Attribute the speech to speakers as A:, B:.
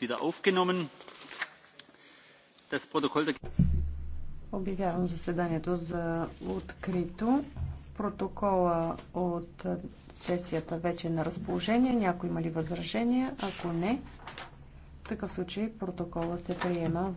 A: wieder aufgenommen. Das Protokoll der
B: Обявявам заседанието за открито. Протокола от сесията вече е на разположение. Някой има ли възражения? Ако не,
C: в такъв случай протокола се приема